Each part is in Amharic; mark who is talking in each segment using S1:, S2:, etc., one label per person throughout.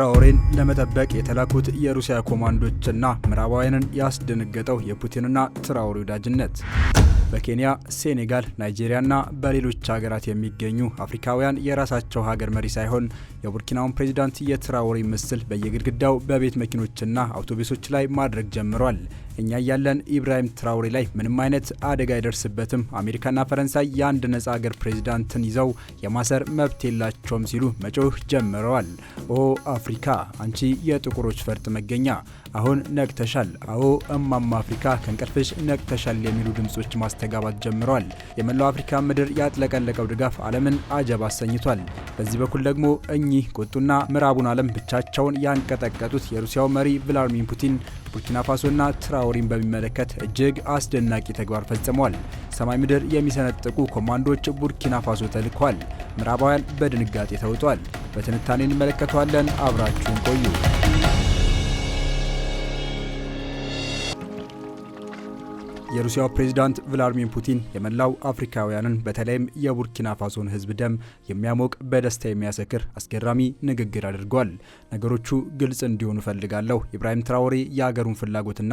S1: ትራኦሬን ለመጠበቅ የተላኩት የሩሲያ ኮማንዶችና ምዕራባውያንን ያስደነገጠው የፑቲንና ትራኦሬ ወዳጅነት በኬንያ፣ ሴኔጋል፣ ናይጄሪያና በሌሎች ሀገራት የሚገኙ አፍሪካውያን የራሳቸው ሀገር መሪ ሳይሆን የቡርኪናውን ፕሬዚዳንት የትራኦሬ ምስል በየግድግዳው በቤት መኪኖችና አውቶቡሶች ላይ ማድረግ ጀምሯል። እኛ እያለን ኢብራሂም ትራኦሬ ላይ ምንም አይነት አደጋ አይደርስበትም፣ አሜሪካና ፈረንሳይ የአንድ ነጻ አገር ፕሬዚዳንትን ይዘው የማሰር መብት የላቸውም ሲሉ መጮህ ጀምረዋል። ኦ አፍሪካ፣ አንቺ የጥቁሮች ፈርጥ መገኛ፣ አሁን ነቅተሻል። አዎ እማማ አፍሪካ ከእንቅልፍሽ ነቅተሻል የሚሉ ድምጾች ማስተጋባት ጀምረዋል። የመላው አፍሪካ ምድር ያጥለቀለቀው ድጋፍ ዓለምን አጀብ አሰኝቷል። በዚህ በኩል ደግሞ እኛ እኚህ ቁጡና ምዕራቡን ዓለም ብቻቸውን ያንቀጠቀጡት የሩሲያው መሪ ቭላዲሚር ፑቲን ቡርኪና ፋሶና ትራውሪን በሚመለከት እጅግ አስደናቂ ተግባር ፈጽመዋል። ሰማይ ምድር የሚሰነጥቁ ኮማንዶች ቡርኪና ፋሶ ተልኳል። ምዕራባውያን በድንጋጤ ተውጧል። በትንታኔ እንመለከተዋለን። አብራችሁን ቆዩ። የሩሲያው ፕሬዚዳንት ቭላድሚር ፑቲን የመላው አፍሪካውያንን በተለይም የቡርኪና ፋሶን ሕዝብ ደም የሚያሞቅ በደስታ የሚያሰክር አስገራሚ ንግግር አድርጓል። ነገሮቹ ግልጽ እንዲሆኑ እፈልጋለሁ። ኢብራሂም ትራውሬ የአገሩን ፍላጎትና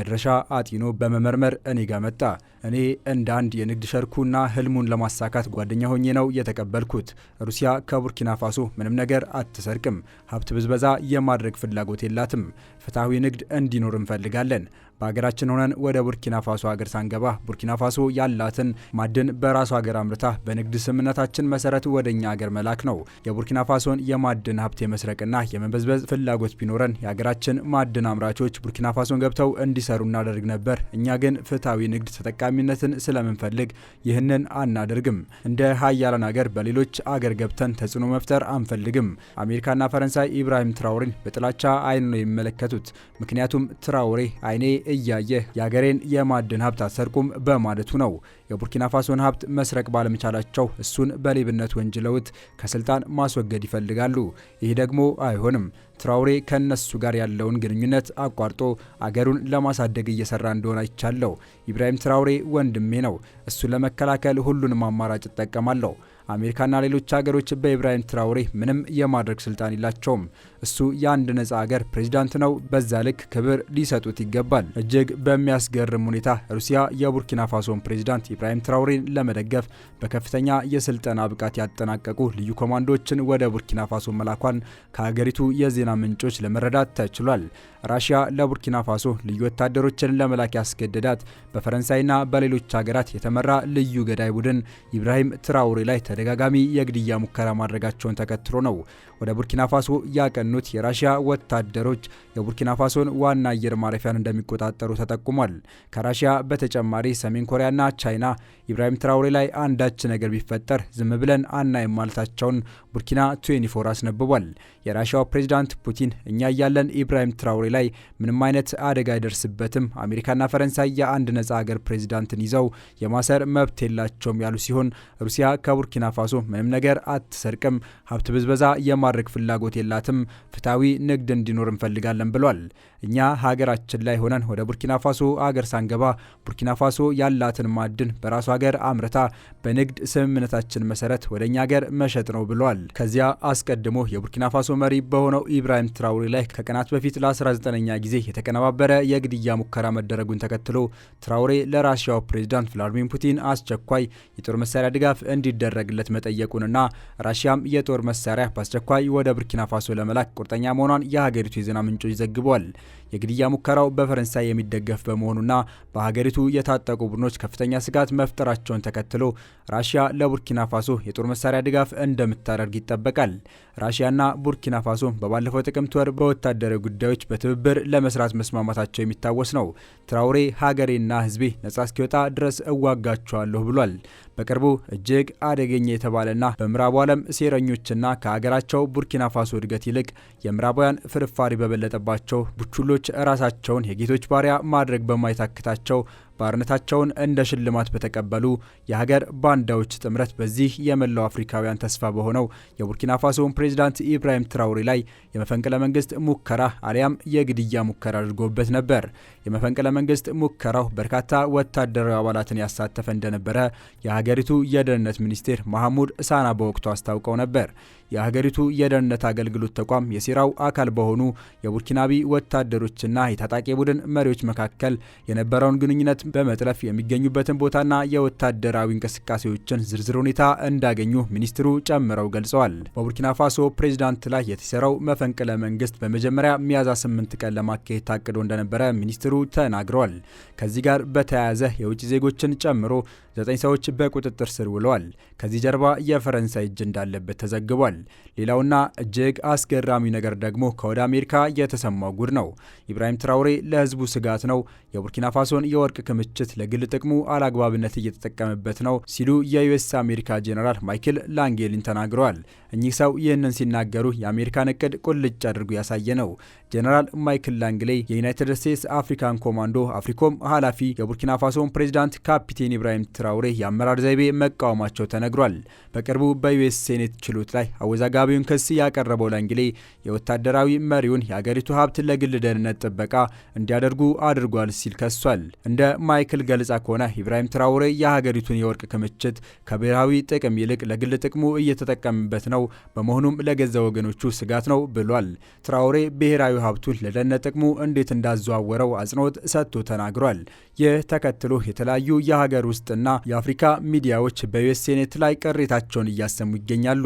S1: መድረሻ አጢኖ በመመርመር እኔ ጋር መጣ። እኔ እንደ አንድ የንግድ ሸርኩና ህልሙን ለማሳካት ጓደኛ ሆኜ ነው የተቀበልኩት። ሩሲያ ከቡርኪና ፋሶ ምንም ነገር አትሰርቅም። ሀብት ብዝበዛ የማድረግ ፍላጎት የላትም። ፍትሐዊ ንግድ እንዲኖር እንፈልጋለን። በሀገራችን ሆነን ወደ ቡርኪና ፋሶ ሀገር ሳንገባ ቡርኪና ፋሶ ያላትን ማዕድን በራሱ ሀገር አምርታ በንግድ ስምምነታችን መሰረት ወደ እኛ ሀገር መላክ ነው። የቡርኪና ፋሶን የማዕድን ሀብት የመስረቅና የመበዝበዝ ፍላጎት ቢኖረን የሀገራችን ማዕድን አምራቾች ቡርኪና ፋሶን ገብተው እንዲሰሩ እናደርግ ነበር። እኛ ግን ፍትሐዊ ንግድ ተጠቃሚነትን ስለምንፈልግ ይህንን አናደርግም። እንደ ሀያላን ሀገር በሌሎች አገር ገብተን ተጽዕኖ መፍጠር አንፈልግም። አሜሪካና ፈረንሳይ ኢብራሂም ትራውሬን በጥላቻ አይን ነው የሚመለከቱት። ምክንያቱም ትራውሬ አይኔ እያየህ የአገሬን የማዕድን ሀብት አሰርቁም በማለቱ ነው። የቡርኪና ፋሶን ሀብት መስረቅ ባለመቻላቸው እሱን በሌብነት ወንጅለውት ከስልጣን ማስወገድ ይፈልጋሉ። ይህ ደግሞ አይሆንም። ትራውሬ ከነሱ ጋር ያለውን ግንኙነት አቋርጦ አገሩን ለማሳደግ እየሰራ እንደሆነ አይቻለሁ። ኢብራሂም ትራውሬ ወንድሜ ነው። እሱን ለመከላከል ሁሉንም አማራጭ እጠቀማለሁ። አሜሪካና ሌሎች ሀገሮች በኢብራሂም ትራውሬ ምንም የማድረግ ስልጣን የላቸውም። እሱ የአንድ ነጻ ሀገር ፕሬዚዳንት ነው። በዛ ልክ ክብር ሊሰጡት ይገባል። እጅግ በሚያስገርም ሁኔታ ሩሲያ የቡርኪና ፋሶን ፕሬዚዳንት ኢብራሂም ትራውሬን ለመደገፍ በከፍተኛ የስልጠና ብቃት ያጠናቀቁ ልዩ ኮማንዶዎችን ወደ ቡርኪና ፋሶ መላኳን ከሀገሪቱ የዜና ምንጮች ለመረዳት ተችሏል። ራሽያ ለቡርኪና ፋሶ ልዩ ወታደሮችን ለመላክ ያስገደዳት በፈረንሳይና በሌሎች ሀገራት የተመራ ልዩ ገዳይ ቡድን ኢብራሂም ትራውሬ ላይ ተደጋጋሚ የግድያ ሙከራ ማድረጋቸውን ተከትሎ ነው። ወደ ቡርኪና ፋሶ ያቀኑ የተጠኑት የራሽያ ወታደሮች የቡርኪና ፋሶን ዋና አየር ማረፊያን እንደሚቆጣጠሩ ተጠቁሟል። ከራሽያ በተጨማሪ ሰሜን ኮሪያና ቻይና ኢብራሂም ትራውሬ ላይ አንዳች ነገር ቢፈጠር ዝም ብለን አናይም ማለታቸውን ቡርኪና ቱዌኒፎር አስነብቧል። የራሽያው ፕሬዚዳንት ፑቲን እኛ እያለን ኢብራሂም ትራውሬ ላይ ምንም አይነት አደጋ አይደርስበትም፣ አሜሪካና ፈረንሳይ የአንድ ነጻ ሀገር ፕሬዚዳንትን ይዘው የማሰር መብት የላቸውም ያሉ ሲሆን ሩሲያ ከቡርኪና ፋሶ ምንም ነገር አትሰርቅም፣ ሀብት ብዝበዛ የማድረግ ፍላጎት የላትም፣ ፍትሐዊ ንግድ እንዲኖር እንፈልጋለን ብሏል። እኛ ሀገራችን ላይ ሆነን ወደ ቡርኪና ፋሶ አገር ሳንገባ ቡርኪና ፋሶ ያላትን ማዕድን በራሱ ሀገር አምርታ በንግድ ስምምነታችን መሰረት ወደ እኛ ሀገር መሸጥ ነው ብለዋል። ከዚያ አስቀድሞ የቡርኪና ፋሶ መሪ በሆነው ኢብራሂም ትራውሬ ላይ ከቀናት በፊት ለ19ኛ ጊዜ የተቀነባበረ የግድያ ሙከራ መደረጉን ተከትሎ ትራውሬ ለራሽያው ፕሬዚዳንት ቭላድሚር ፑቲን አስቸኳይ የጦር መሳሪያ ድጋፍ እንዲደረግለት መጠየቁንና ራሽያም የጦር መሳሪያ በአስቸኳይ ወደ ቡርኪና ፋሶ ለመላክ ቁርጠኛ መሆኗን የሀገሪቱ የዜና ምንጮች ዘግቧል። የግድያ ሙከራው በፈረንሳይ የሚደገፍ በመሆኑና በሀገሪቱ የታጠቁ ቡድኖች ከፍተኛ ስጋት መፍጠራቸውን ተከትሎ ራሽያ ለቡርኪና ፋሶ የጦር መሳሪያ ድጋፍ እንደምታደርግ ይጠበቃል። ራሽያና ቡርኪና ፋሶ በባለፈው ጥቅምት ወር በወታደራዊ ጉዳዮች በትብብር ለመስራት መስማማታቸው የሚታወስ ነው። ትራውሬ ሀገሬና ህዝቤ ነጻ እስኪወጣ ድረስ እዋጋቸዋለሁ ብሏል። በቅርቡ እጅግ አደገኛ የተባለና በምዕራቡ ዓለም ሴረኞችና ከሀገራቸው ቡርኪና ፋሶ እድገት ይልቅ የምዕራባውያን ፍርፋሪ በበለጠባቸው ቡችሎች ራሳቸውን የጌቶች ባሪያ ማድረግ በማይታክታቸው ባርነታቸውን እንደ ሽልማት በተቀበሉ የሀገር ባንዳዎች ጥምረት በዚህ የመላው አፍሪካውያን ተስፋ በሆነው የቡርኪና ፋሶን ፕሬዚዳንት ኢብራሂም ትራውሬ ላይ የመፈንቅለ መንግስት ሙከራ አሊያም የግድያ ሙከራ አድርጎበት ነበር። የመፈንቅለ መንግስት ሙከራው በርካታ ወታደራዊ አባላትን ያሳተፈ እንደነበረ የሀገሪቱ የደህንነት ሚኒስቴር መሐሙድ ሳና በወቅቱ አስታውቀው ነበር። የሀገሪቱ የደህንነት አገልግሎት ተቋም የሴራው አካል በሆኑ የቡርኪናቢ ወታደሮችና የታጣቂ ቡድን መሪዎች መካከል የነበረውን ግንኙነት በመጥለፍ የሚገኙበትን ቦታና የወታደራዊ እንቅስቃሴዎችን ዝርዝር ሁኔታ እንዳገኙ ሚኒስትሩ ጨምረው ገልጸዋል። በቡርኪና ፋሶ ፕሬዚዳንት ላይ የተሰራው መፈንቅለ መንግስት በመጀመሪያ ሚያዝያ 8 ቀን ለማካሄድ ታቅዶ እንደነበረ ሚኒስትሩ ተናግረዋል። ከዚህ ጋር በተያያዘ የውጭ ዜጎችን ጨምሮ ዘጠኝ ሰዎች በቁጥጥር ስር ውለዋል። ከዚህ ጀርባ የፈረንሳይ እጅ እንዳለበት ተዘግቧል። ሌላውና እጅግ አስገራሚ ነገር ደግሞ ከወደ አሜሪካ የተሰማው ጉድ ነው። ኢብራሂም ትራውሬ ለህዝቡ ስጋት ነው፣ የቡርኪና ፋሶን የወርቅ ክምችት ለግል ጥቅሙ አላግባብነት እየተጠቀመበት ነው ሲሉ የዩኤስ አሜሪካ ጄኔራል ማይክል ላንጌሊን ተናግረዋል። እኚህ ሰው ይህንን ሲናገሩ የአሜሪካን እቅድ ቁልጭ አድርጎ ያሳየ ነው። ጄኔራል ማይክል ላንግሌ የዩናይትድ ስቴትስ አፍሪካን ኮማንዶ አፍሪኮም ኃላፊ የቡርኪና ፋሶን ፕሬዚዳንት ካፒቴን ኢብራሂም ትራውሬ የአመራር ዘይቤ መቃወማቸው ተነግሯል። በቅርቡ በዩኤስ ሴኔት ችሎት ላይ አወዛጋቢውን ክስ ያቀረበው ላንግሌ የወታደራዊ መሪውን የአገሪቱ ሀብት ለግል ደህንነት ጥበቃ እንዲያደርጉ አድርጓል ሲል ከሷል። እንደ ማይክል ገለጻ ከሆነ ኢብራሂም ትራውሬ የሀገሪቱን የወርቅ ክምችት ከብሔራዊ ጥቅም ይልቅ ለግል ጥቅሙ እየተጠቀምበት ነው፣ በመሆኑም ለገዛ ወገኖቹ ስጋት ነው ብሏል። ትራውሬ ብሔራዊ ሀብቱን ለደህንነት ጥቅሙ እንዴት እንዳዘዋወረው አጽንኦት ሰጥቶ ተናግሯል። ይህ ተከትሎ የተለያዩ የሀገር ውስጥና የአፍሪካ ሚዲያዎች በዩኤስ ሴኔት ላይ ቅሬታቸውን እያሰሙ ይገኛሉ።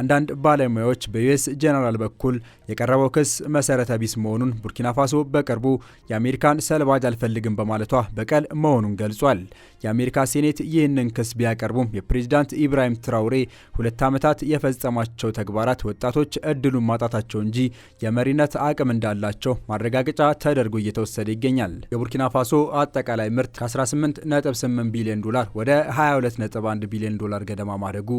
S1: አንዳንድ ባለሙያዎች በዩኤስ ጄኔራል በኩል የቀረበው ክስ መሰረተ ቢስ መሆኑን ቡርኪና ፋሶ በቅርቡ የአሜሪካን ሰልባጅ አልፈልግም በማለቷ በቀል መሆኑን ገልጿል። የአሜሪካ ሴኔት ይህንን ክስ ቢያቀርቡም የፕሬዚዳንት ኢብራሂም ትራውሬ ሁለት ዓመታት የፈጸማቸው ተግባራት ወጣቶች እድሉን ማጣታቸው እንጂ የመሪነት አቅም እንዳላቸው ማረጋገጫ ተደርጎ እየተወሰደ ይገኛል። የቡርኪና ፋሶ አጠቃላይ ምርት ከ18.8 ቢሊዮን ዶላር ወደ 22.1 ቢሊዮን ዶላር ገደማ ማደጉ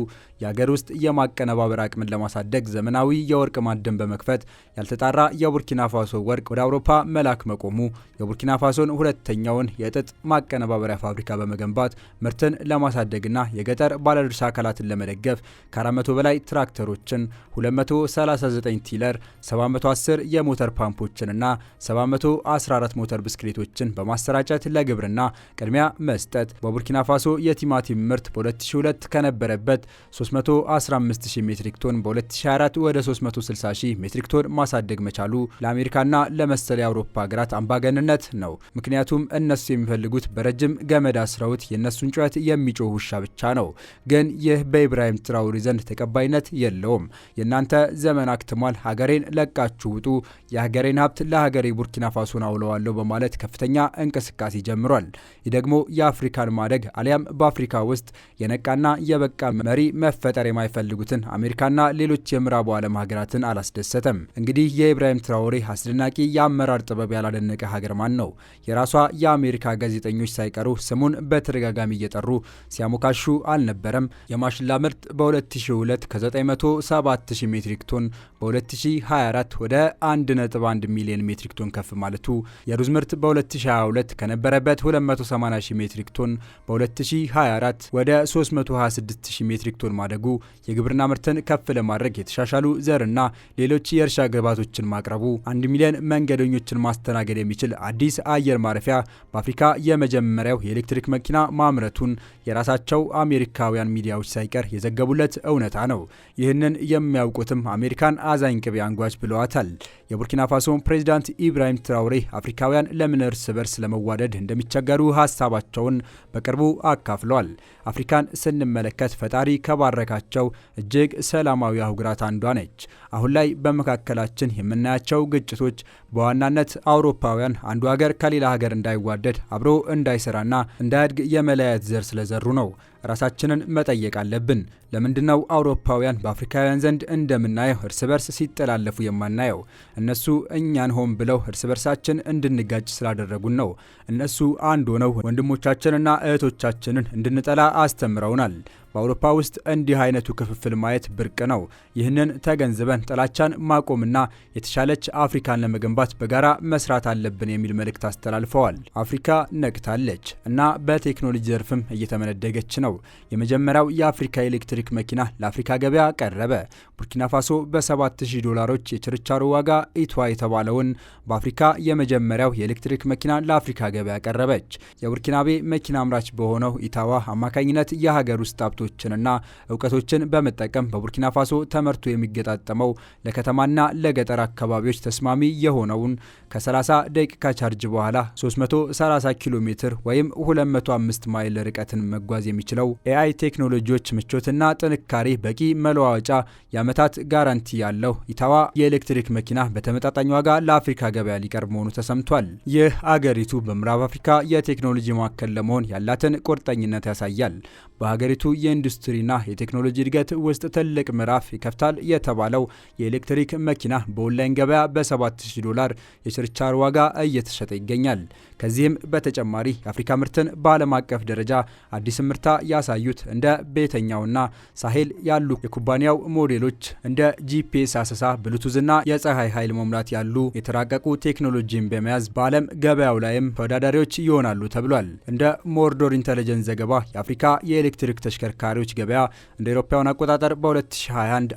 S1: የአገር ውስጥ የማቀነባ የማቀነባበር አቅምን ለማሳደግ ዘመናዊ የወርቅ ማዕድን በመክፈት ያልተጣራ የቡርኪና ፋሶ ወርቅ ወደ አውሮፓ መላክ መቆሙ የቡርኪና ፋሶን ሁለተኛውን የጥጥ ማቀነባበሪያ ፋብሪካ በመገንባት ምርትን ለማሳደግና የገጠር ባለድርሻ አካላትን ለመደገፍ ከ400 በላይ ትራክተሮችን፣ 239 ቲለር፣ 710 የሞተር ፓምፖችንና 714 ሞተር ብስክሌቶችን በማሰራጨት ለግብርና ቅድሚያ መስጠት በቡርኪና ፋሶ የቲማቲም ምርት በ2002 ከነበረበት 315 ሜትሪክ ቶን በ2024 ወደ 360 ሺህ ሜትሪክ ቶን ማሳደግ መቻሉ ለአሜሪካና ለመሰለ የአውሮፓ ሀገራት አምባገንነት ነው። ምክንያቱም እነሱ የሚፈልጉት በረጅም ገመድ አስረውት የእነሱን ጩኸት የሚጮህ ውሻ ብቻ ነው። ግን ይህ በኢብራሂም ትራውሪ ዘንድ ተቀባይነት የለውም። የእናንተ ዘመን አክትሟል፣ ሀገሬን ለቃችሁ ውጡ፣ የሀገሬን ሀብት ለሀገሬ ቡርኪና ፋሶን አውለዋለሁ በማለት ከፍተኛ እንቅስቃሴ ጀምሯል። ይህ ደግሞ የአፍሪካን ማደግ አሊያም በአፍሪካ ውስጥ የነቃና የበቃ መሪ መፈጠር የማይፈልጉትን አሜሪካና ሌሎች የምዕራቡ ዓለም ሀገራትን አላስደሰተም። እንግዲህ የኢብራሂም ትራውሬ አስደናቂ የአመራር ጥበብ ያላደነቀ ሀገር ማን ነው? የራሷ የአሜሪካ ጋዜጠኞች ሳይቀሩ ስሙን በተደጋጋሚ እየጠሩ ሲያሞካሹ አልነበረም? የማሽላ ምርት በ2002 ከ970 ሜትሪክ ቶን በ2024 ወደ 1.1 ሚሊዮን ሜትሪክ ቶን ከፍ ማለቱ፣ የሩዝ ምርት በ2022 ከነበረበት 280 ሜትሪክ ቶን በ2024 ወደ 326 ሜትሪክ ቶን ማደጉ የግብርና ምርትን ምርትን ከፍ ለማድረግ የተሻሻሉ ዘርና ሌሎች የእርሻ ግብዓቶችን ማቅረቡ፣ አንድ ሚሊዮን መንገደኞችን ማስተናገድ የሚችል አዲስ አየር ማረፊያ፣ በአፍሪካ የመጀመሪያው የኤሌክትሪክ መኪና ማምረቱን የራሳቸው አሜሪካውያን ሚዲያዎች ሳይቀር የዘገቡለት እውነታ ነው። ይህንን የሚያውቁትም አሜሪካን አዛኝ ቅቤ አንጓች ብለዋታል። የቡርኪና ፋሶ ፕሬዚዳንት ኢብራሂም ትራውሬ አፍሪካውያን ለምን እርስ በርስ ለመዋደድ እንደሚቸገሩ ሀሳባቸውን በቅርቡ አካፍለዋል። አፍሪካን ስንመለከት ፈጣሪ ከባረካቸው እጅግ ሰላማዊ አህጉራት አንዷ ነች። አሁን ላይ በመካከላችን የምናያቸው ግጭቶች በዋናነት አውሮፓውያን አንዱ ሀገር ከሌላ ሀገር እንዳይዋደድ አብሮ እንዳይሰራና እንዳያድግ የመለያየት ዘር ስለዘሩ ነው። ራሳችንን መጠየቅ አለብን። ለምንድነው አውሮፓውያን በአፍሪካውያን ዘንድ እንደምናየው እርስ በርስ ሲጠላለፉ የማናየው? እነሱ እኛን ሆን ብለው እርስ በርሳችን እንድንጋጭ ስላደረጉን ነው። እነሱ አንድ ሆነው ወንድሞቻችንና እህቶቻችንን እንድንጠላ አስተምረውናል። በአውሮፓ ውስጥ እንዲህ አይነቱ ክፍፍል ማየት ብርቅ ነው። ይህንን ተገንዝበን ጥላቻን ማቆምና የተሻለች አፍሪካን ለመገንባት በጋራ መስራት አለብን የሚል መልእክት አስተላልፈዋል። አፍሪካ ነቅታለች እና በቴክኖሎጂ ዘርፍም እየተመነደገች ነው። የመጀመሪያው የአፍሪካ ኤሌክትሪክ መኪና ለአፍሪካ ገበያ ቀረበ። ቡርኪና ፋሶ በ7000 ዶላሮች የችርቻሮ ዋጋ ኢቷ የተባለውን በአፍሪካ የመጀመሪያው የኤሌክትሪክ መኪና ለአፍሪካ ገበያ ቀረበች። የቡርኪናቤ መኪና አምራች በሆነው ኢታዋ አማካኝነት የሀገር ውስጥ ሀብቶችንና እውቀቶችን በመጠቀም በቡርኪና ፋሶ ተመርቶ የሚገጣጠመው ለከተማና ለገጠር አካባቢዎች ተስማሚ የሆነውን ከ30 ደቂቃ ቻርጅ በኋላ 330 ኪሎ ሜትር ወይም 205 ማይል ርቀትን መጓዝ የሚችለው ላለው ኤአይ ቴክኖሎጂዎች ምቾትና ጥንካሬ በቂ መለዋወጫ የዓመታት ጋራንቲ ያለው ኢታዋ የኤሌክትሪክ መኪና በተመጣጣኝ ዋጋ ለአፍሪካ ገበያ ሊቀርብ መሆኑ ተሰምቷል። ይህ አገሪቱ በምዕራብ አፍሪካ የቴክኖሎጂ ማዕከል ለመሆን ያላትን ቁርጠኝነት ያሳያል። በሀገሪቱ የኢንዱስትሪና የቴክኖሎጂ እድገት ውስጥ ትልቅ ምዕራፍ ይከፍታል የተባለው የኤሌክትሪክ መኪና በኦንላይን ገበያ በ7000 ዶላር የችርቻር ዋጋ እየተሸጠ ይገኛል። ከዚህም በተጨማሪ የአፍሪካ ምርትን በዓለም አቀፍ ደረጃ አዲስ ምርታ ያሳዩት እንደ ቤተኛውና ሳሄል ያሉ የኩባንያው ሞዴሎች እንደ ጂፒኤስ አሰሳ፣ ብሉቱዝና የፀሐይ ኃይል መሙላት ያሉ የተራቀቁ ቴክኖሎጂን በመያዝ በዓለም ገበያው ላይም ተወዳዳሪዎች ይሆናሉ ተብሏል። እንደ ሞርዶር ኢንተለጀንስ ዘገባ የአፍሪካ የኤሌክትሪክ ተሽከርካሪዎች ገበያ እንደ አውሮፓውያን አቆጣጠር በ2021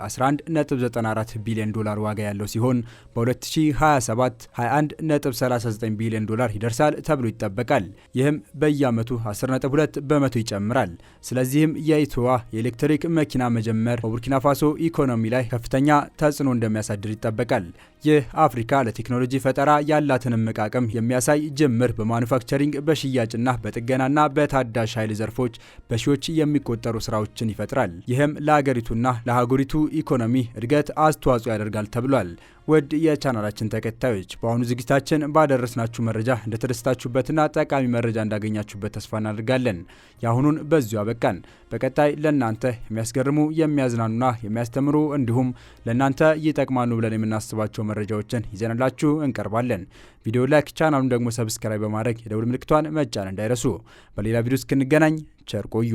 S1: 11.94 ቢሊዮን ዶላር ዋጋ ያለው ሲሆን በ2027 21.39 ቢሊዮን ዶላር ይደርሳል ተብሎ ይጠበቃል። ይህም በየዓመቱ 10.2 በመቶ ይጨምራል። ስለዚህም የኢትዋ የኤሌክትሪክ መኪና መጀመር በቡርኪና ፋሶ ኢኮኖሚ ላይ ከፍተኛ ተጽዕኖ እንደሚያሳድር ይጠበቃል። ይህ አፍሪካ ለቴክኖሎጂ ፈጠራ ያላትን እምቅ አቅም የሚያሳይ ጅምር በማኑፋክቸሪንግ በሽያጭና በጥገናና በታዳሽ ኃይል ዘርፎች በሺዎች በሺዎች የሚቆጠሩ ስራዎችን ይፈጥራል። ይህም ለሀገሪቱና ለሀገሪቱ ኢኮኖሚ እድገት አስተዋጽኦ ያደርጋል ተብሏል። ውድ የቻናላችን ተከታዮች በአሁኑ ዝግጅታችን ባደረስናችሁ መረጃ እንደተደስታችሁበትና ጠቃሚ መረጃ እንዳገኛችሁበት ተስፋ እናደርጋለን። የአሁኑን በዚሁ አበቃን። በቀጣይ ለእናንተ የሚያስገርሙ የሚያዝናኑና የሚያስተምሩ እንዲሁም ለእናንተ ይጠቅማሉ ብለን የምናስባቸው መረጃዎችን ይዘንላችሁ እንቀርባለን። ቪዲዮ ላይክ፣ ቻናሉን ደግሞ ሰብስክራይብ በማድረግ የደውል ምልክቷን መጫን እንዳይረሱ። በሌላ ቪዲዮ እስክንገናኝ ቸር ቆዩ።